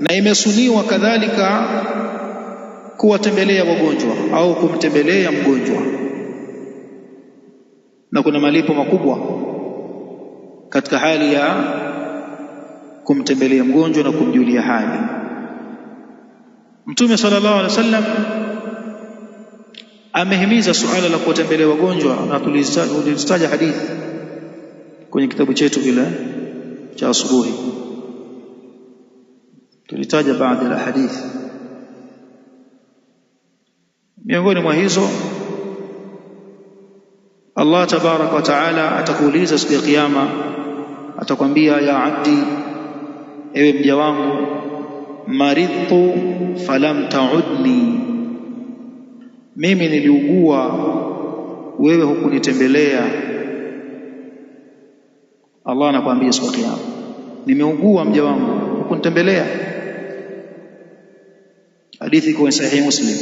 na imesuniwa kadhalika kuwatembelea wagonjwa au kumtembelea mgonjwa, na kuna malipo makubwa katika hali ya kumtembelea mgonjwa na kumjulia hali. Mtume sallallahu alaihi wasallam amehimiza suala la kuwatembelea wagonjwa, na tulizitaja hadithi kwenye kitabu chetu kile cha asubuhi tulitaja baadhi ya hadithi miongoni mwa hizo Allah tabaraka wa taala atakuuliza siku ya kiyama atakwambia ya abdi ewe mja wangu maridtu falam taudni mimi niliugua wewe hukunitembelea Allah anakuambia siku ya kiyama nimeugua mja wangu kutembelea hadithi kwa sahihi muslim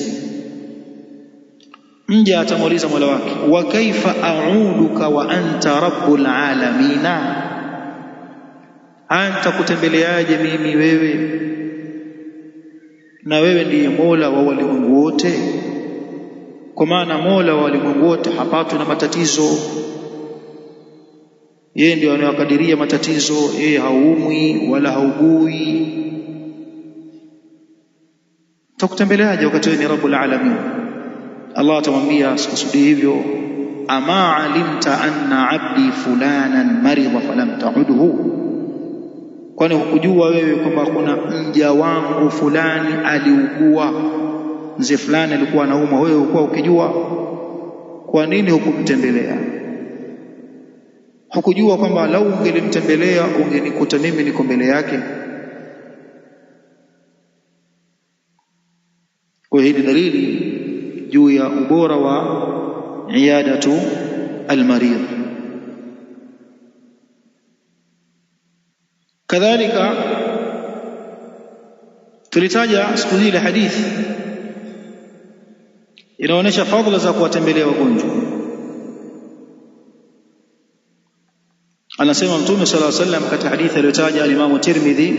mja atamuuliza mola wake wa kaifa a'uduka wa anta rabbul alamina anta kutembeleaje mimi wewe na wewe ndiye mola wa walimwengu wote kwa maana mola wa walimwengu wote hapatwi na matatizo yeye ndio anayokadiria matatizo, yeye haumwi wala haugui. Takutembeleaje wakati wewe ni rabbul alamin? Allah atamwambia sikusudi hivyo, ama alimta anna abdi fulanan maridha falam ta'udhu, kwani hukujua wewe kwamba kuna mja wangu fulani aliugua, mzee fulani alikuwa anaumwa, wewe hukuwa ukijua? Kwa nini hukumtembelea? hukujua kwamba lau ungelimtembelea ungenikuta mimi niko mbele yake. Kwa hiyo ni dalili juu ya ubora wa iyadatu almarid. Kadhalika tulitaja siku zile hadithi inaonyesha fadhila za kuwatembelea wagonjwa Anasema Mtume sallallahu alaihi wasallam katika hadithi aliyotaja alimamu Tirmidhi,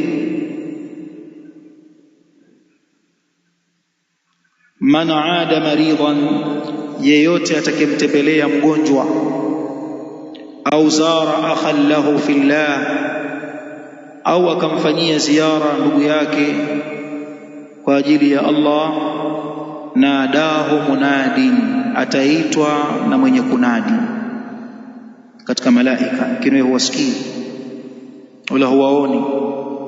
man ada maridan yeyote atakemtembelea mgonjwa, au zara akhan lahu fillah, au akamfanyia ziara ndugu yake kwa ajili ya Allah, nadahu munadin, ataitwa na mwenye kunadi katika malaika, lakini wewe huwasikii wala huwaoni,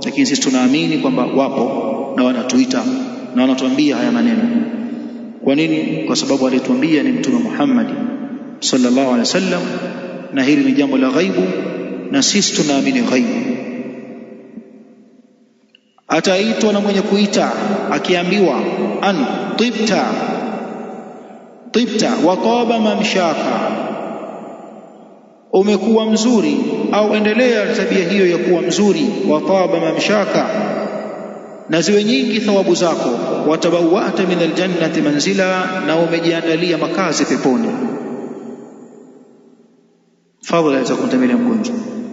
lakini sisi tunaamini kwamba wapo na wanatuita na wanatuambia haya maneno. Kwa nini? Kwa sababu alituambia ni Mtume Muhammad sallallahu alaihi wasallam, na hili ni jambo la ghaibu na sisi tunaamini ghaibu. Ataitwa na mwenye kuita akiambiwa an tibta tibta wa taba mamshaka umekuwa mzuri au endelea tabia hiyo ya kuwa mzuri. Wataba mamshaka, na ziwe nyingi thawabu zako. Watabawata min aljannati manzila, na umejiandalia makazi peponi. Fadhila za kumtamilia mgonjwa